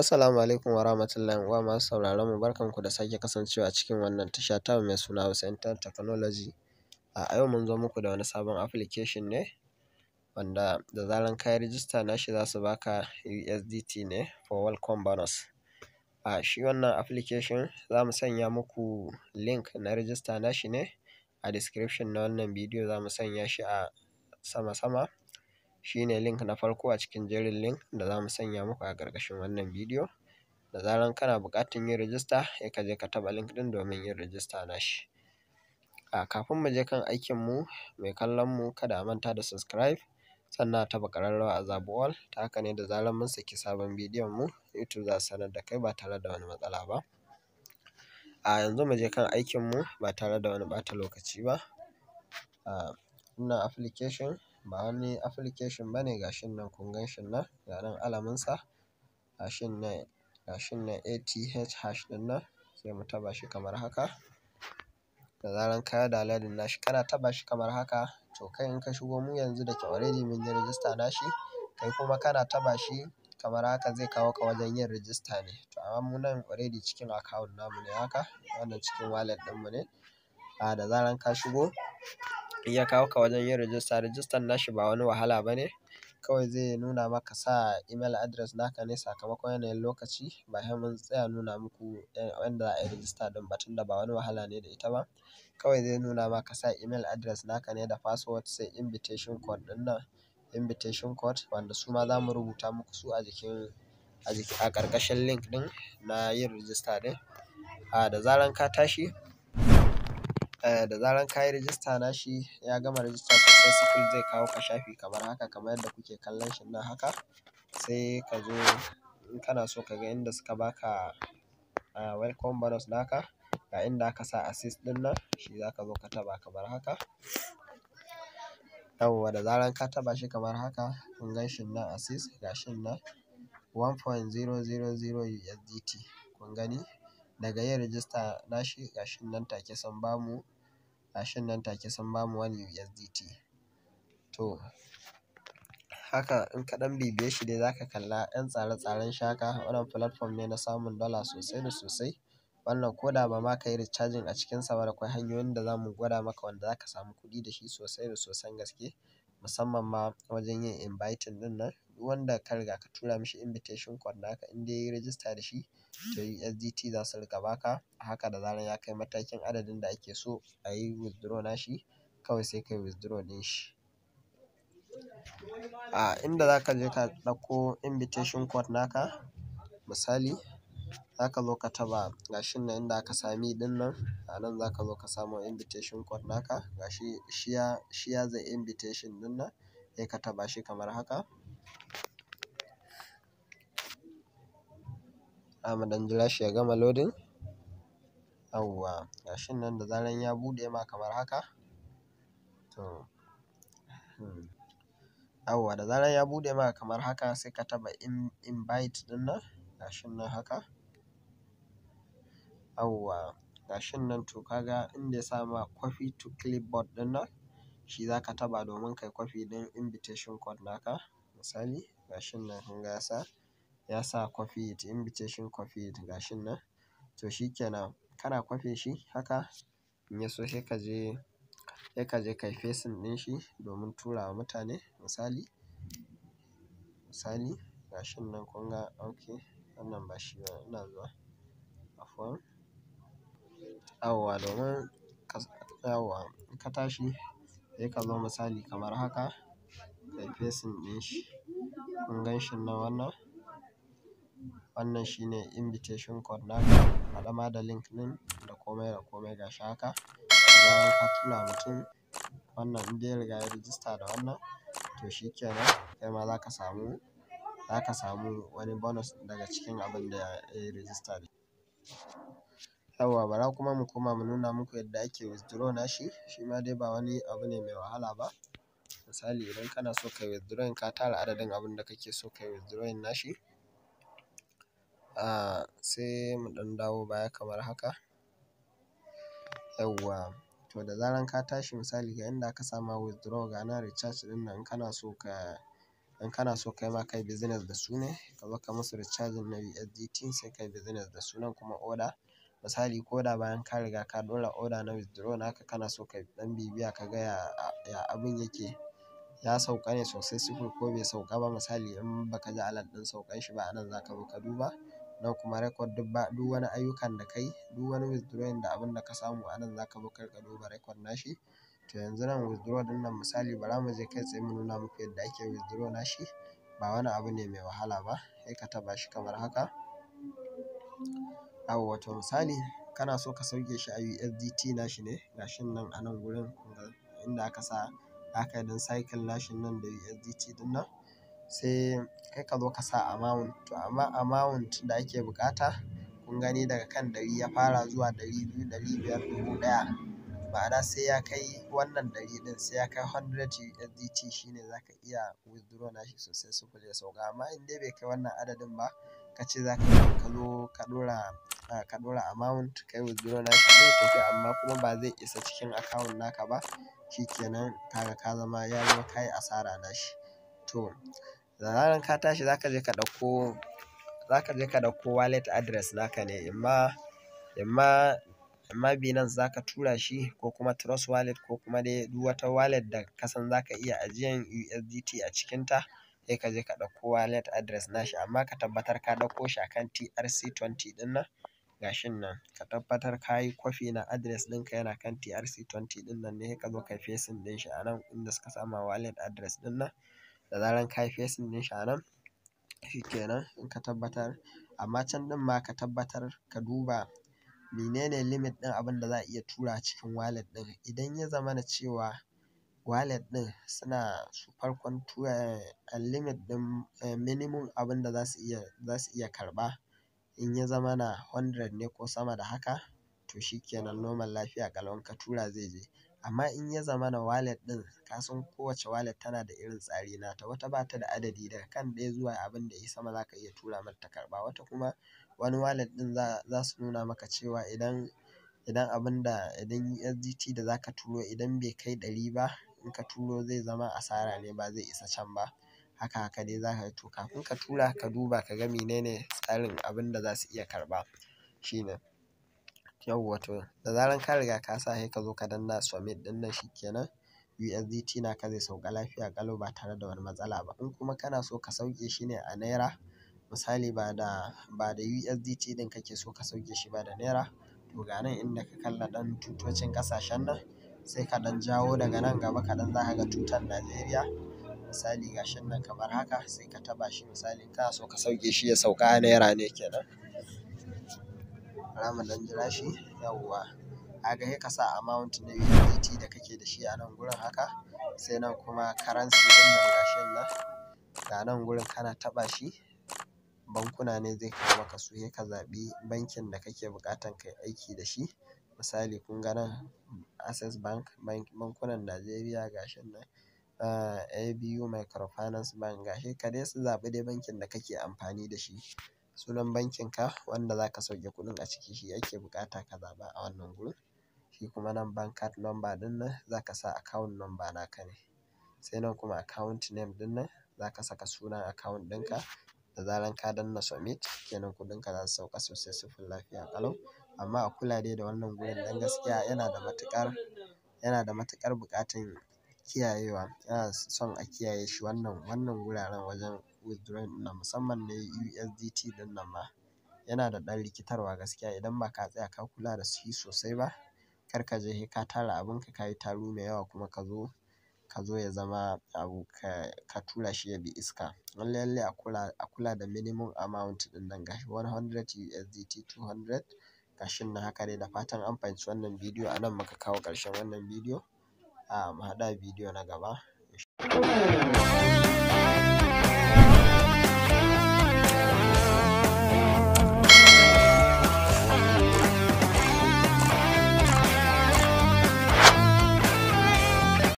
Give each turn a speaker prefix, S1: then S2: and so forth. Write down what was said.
S1: Assalamu alaikum wa rahmatullahi wa masu sauraron mu barkanku da sake kasancewa a cikin wannan tasha ta mai suna Hussein Technology. A yau mun zo muku da wani sabon application ne wanda da zaran ka register na shi za su baka USDT ne for welcome bonus. a shi wannan application za mu sanya muku link na register shi ne a description na wannan bidiyo za mu sanya shi a sama sama shi ne link na farko a cikin jerin link da za mu sanya muku a gargashin wannan bidiyo da zaran kana bukatun yin register ya ka je ka taɓa link ɗin domin yin register shi A kafin mu je kan aikin mu mai kallon mu kada a manta da subscribe sannan a taɓa ƙararrawa a zaɓi all ta haka ne da zarar mun saki sabon bidiyon mu YouTube za sanar da kai ba tare da wani matsala ba. A yanzu mu je kan aikin mu ba tare da wani ɓata lokaci ba. ina application ba wani application ba ne gashin nan kun gan shi nan ga nan alamun sa gashin nan gashin nan ATH hash din nan sai mu taba shi kamar haka da zaran ka yi downloading nashi kana taba shi kamar haka To kai in ka shigo mu yanzu da ke already mun yi rajista shi kai kuma kana taɓa shi kamar haka zai kawo ka wajen yin rajista ne. To amma mu nan already cikin account namu ne haka, wannan cikin wallet ɗinmu ne. A da zaran ka shigo, in ya kawo ka wajen yin rajista, rajistan nashi ba wani wahala ba ne. kawai zai nuna maka sa email address naka ne sakamakon yanayin lokaci ba sai mun tsaya nuna muku wanda za a yi register din batun da ba wani wahala ne da ita ba. Kawai zai nuna maka sa email address naka ne da password sai invitation code din nan invitation code wanda su ma za mu rubuta muku su a jikin a ƙarƙashin link din na yin register din A ah, da zaran ka tashi. Eh, da zaran ka yi rijista shi ya gama rijista sosai sifil zai kawo ka shafi kamar haka kamar yadda kuke kallon shi nan haka sai ka zo in kana so ka ga inda suka baka eh, welcome bonus naka ga inda aka sa assist din nan shi za ka zo ka taɓa kamar haka yawwa da zaran ka taba shi kamar haka kun gan shi nan assist ga shi nan 1.000 USDT kun gani daga yin rajista shi gashin nan take sun bamu gashin nan take sun bamu wani USDT. To haka in ka ɗan bibiye shi dai zaka kalla 'yan tsare-tsaren shaka wannan platform ne na samun dala sosai da sosai. Wannan koda ba ma ka yi recharging a sa ba da akwai hanyoyin da zamu gwada maka wanda zaka samu kuɗi da shi sosai da sosan gaske musamman ma wajen yin inviting ɗinnan nan. Duk wanda ka riga ka tura mishi invitation code naka in dai yi rajista da shi ta USDT za su riƙa baka haka da zarar ya kai matakin adadin da ake so a yi withdraw shi kawai sai ka yi withdraw ɗin shi. A inda za ka je ka ɗauko invitation code naka misali za ka zo ka taba gashin nan inda aka sami ɗin nan a nan za ka zo ka samo invitation code naka gashi shi ya the invitation ɗin nan sai ka taba shi kamar haka. zamu ɗan jira shi ya gama lodin? Yauwa gashin nan da zaran ya buɗe ma kamar haka. To, hmm. yawwa da zaran ya buɗe ma kamar haka sai ka taɓa invite ɗinnan gashin nan haka. Yauwa gashin nan to ka ga inda ya sa ma copy to clipboard nan shi za ka taɓa domin kai copy ɗin invitation code naka misali gashin nan kun ga ya sa. ya sa copy it invitation copy it gashin nan. To kenan kana kwafe shi haka in ya so sai ka je, sai ka je yi ɗin shi domin tura wa mutane misali, misali gashin nan kun ga ok wannan ba shi ba ina zuwa afuwan yawwa domin yawwa in ka tashi sai ka zo misali kamar haka ka yi ɗin shi kun gan shi nan wannan. wannan shine invitation code naka haɗa ma da link ɗin da komai da komai gashi haka da zaran ka tuna mutum wannan in dai ya riga ya rijista da wannan to shi kai ma zaka samu ka samu wani bonus daga cikin abin da ya rijista da yawwa bara kuma mu koma mu nuna muku yadda ake withdraw nashi shi ma dai ba wani abu ne mai wahala ba misali idan kana so kayi withdrawing ka tara adadin abin da kake so kayi withdrawing nashi sai mu ɗan dawo baya kamar haka. Yauwa to da zaran ka tashi misali ga inda aka sama withdraw ga nan recharge ɗin nan in kana so ka in kana so kai ma kai business da su ne ka zo ka musu recharging na USDT sai kai business da su nan kuma order. Misali ko da bayan ka riga ka ɗora order na withdraw naka kana so ka ɗan bibiya ka ga ya, ya abun yake, ya sauka ne sosai siful ko bai sauka ba misali in baka ji alat ɗin sauƙan shi ba anan zaka zo ka duba. nan kuma record duk ba duk wani ayyukan da kai duk wani withdrawing da abin da ka samu a nan zaka zo ka riƙa duba record nashi to yanzu nan withdraw ɗin nan misali bara mu je kai tsaye mu nuna muku yadda ake withdraw nashi ba wani abu ne mai wahala ba sai ka taɓa shi kamar haka a to misali kana so ka sauke shi a USDT nashi ne gashi nan a nan gurin inda aka sa aka yi don cycle nashin nan da USDT ɗin nan sai kai ka zo ka sa amount. To amma amount da ake bukata kun gani daga kan ɗari ya fara zuwa dari biyu, dari biyar, dubu daya Ma'ana sai ya kai wannan dari ɗin sai ya kai 100 USDT shine za ka iya withdraw shi sosai su ya sauka. Amma in dai bai kai wannan adadin ba ka ce za ka zo ka dora ka dora amount kai withdraw na shi zai tafi amma kuma ba zai isa cikin account naka ba shikenan kaga ka zama ya zama kai asara na shi To da ranar ka tashi za ka je ka ɗauko walet adres je ka naka ne imma imma imma binance za ka tura shi ko kuma trust wallet ko kuma dai duk wata wallet da ka san za ka iya ajiyan USDT a cikinta sai ka je ka ɗauko wallet address nashi amma ka tabbatar ka dauko shi akan TRC20 din nan gashin nan ka tabbatar ka yi kwafi na adres ɗinka yana kan TRC20 din nan ne ka zo ka fesin din ɗin shi a nan inda suka sama wallet adres ɗin nan da zaran ka yi facing ɗin shi a nan shi kenan in ka tabbatar amma can ɗin ma ka tabbatar ka duba menene limit ɗin abin da za a iya tura cikin wallet ɗin idan ya na cewa wallet ɗin suna su farkon tura limit ɗin eh, minimum abin da za su iya za su iya karɓa in ya na 100 ne ko sama da haka to shi kenan normal lafiya ƙalau in ka tura zai je. Amma in ya zamana walet ɗin kasan kowace walet tana da irin tsari nata, wata bata da adadi daga kan ɗaya zuwa abin da ya sama za iya tura mata ta karɓa. Wata kuma wani walet ɗin za, su nuna maka cewa idan, idan abin da idan USDT da za turo idan bai kai ɗari ba in ka turo zai zama asara ne ba zai isa can ba. Haka haka dai zaka ka yi to kafin ka tura ka duba ka ga menene tsarin abinda da za su iya karɓa. Shi ne. yawwa to da zaran ka riga ka sa sai ka zo ka danna submit din nan shikenan USDT ka zai sauka lafiya kalau ba tare da wani matsala ba. In kuma kana so ka sauke shi ne a naira misali ba da ba da USDT ɗin kake so ka sauke shi ba da naira to ga nan inda ka kalla dan tutocin kasashen nan sai ka dan jawo daga nan gaba ka dan zaka ga tutar Najeriya misali gashin nan kamar haka sai ka taba shi misali kana so ka sauke shi ya sauka a naira ne kenan. bara dan ɗan jira shi yawwa kaga sai ka sa amount na USDT da kake da shi a nan gurin haka sai nan kuma currency din nan gashin nan da nan gurin kana taɓa shi bankuna ne zai kawo maka su sai ka zabi bankin da kake bukatan kai aiki da shi misali kun ga nan Access Bank bankunan Najeriya gashin nan uh, eh, ABU Microfinance Bank gashi ka dai zabi dai bankin da kake amfani da shi sunan bankin ka wanda za ka sauke kuɗin a ciki shi ake bukata ka zaɓa a wannan gurin shi kuma nan bank card number ɗin nan za ka sa account number na ka ne sai nan kuma account name ɗin nan za ka saka sunan account ɗinka da zaran ka danna submit kenan ka za su sauka sosai sifil lafiya ƙalau amma a kula dai da wannan gurin dan gaskiya yana da matuƙar yana da matuƙar bukatan kiyayewa ana son a kiyaye shi wannan wannan guraren wajen withdrawing ɗin nan musamman na USDT ɗin nan ma yana da ɗan rikitarwa gaskiya idan ba ka tsaya ka kula da shi sosai ba kar ka je ka tara abin ka kayi taro mai yawa kuma ka zo ka zo ya zama abu ka, ka tura shi ya bi iska. Lallai lallai a kula, a kula da minimum amount ɗin nan gashi 100 USDT 200 gashin nan haka dai da fatan an fahimci wannan bidiyo a nan muka kawo ƙarshen wannan bidiyo. A ah, mu a bidiyo na gaba.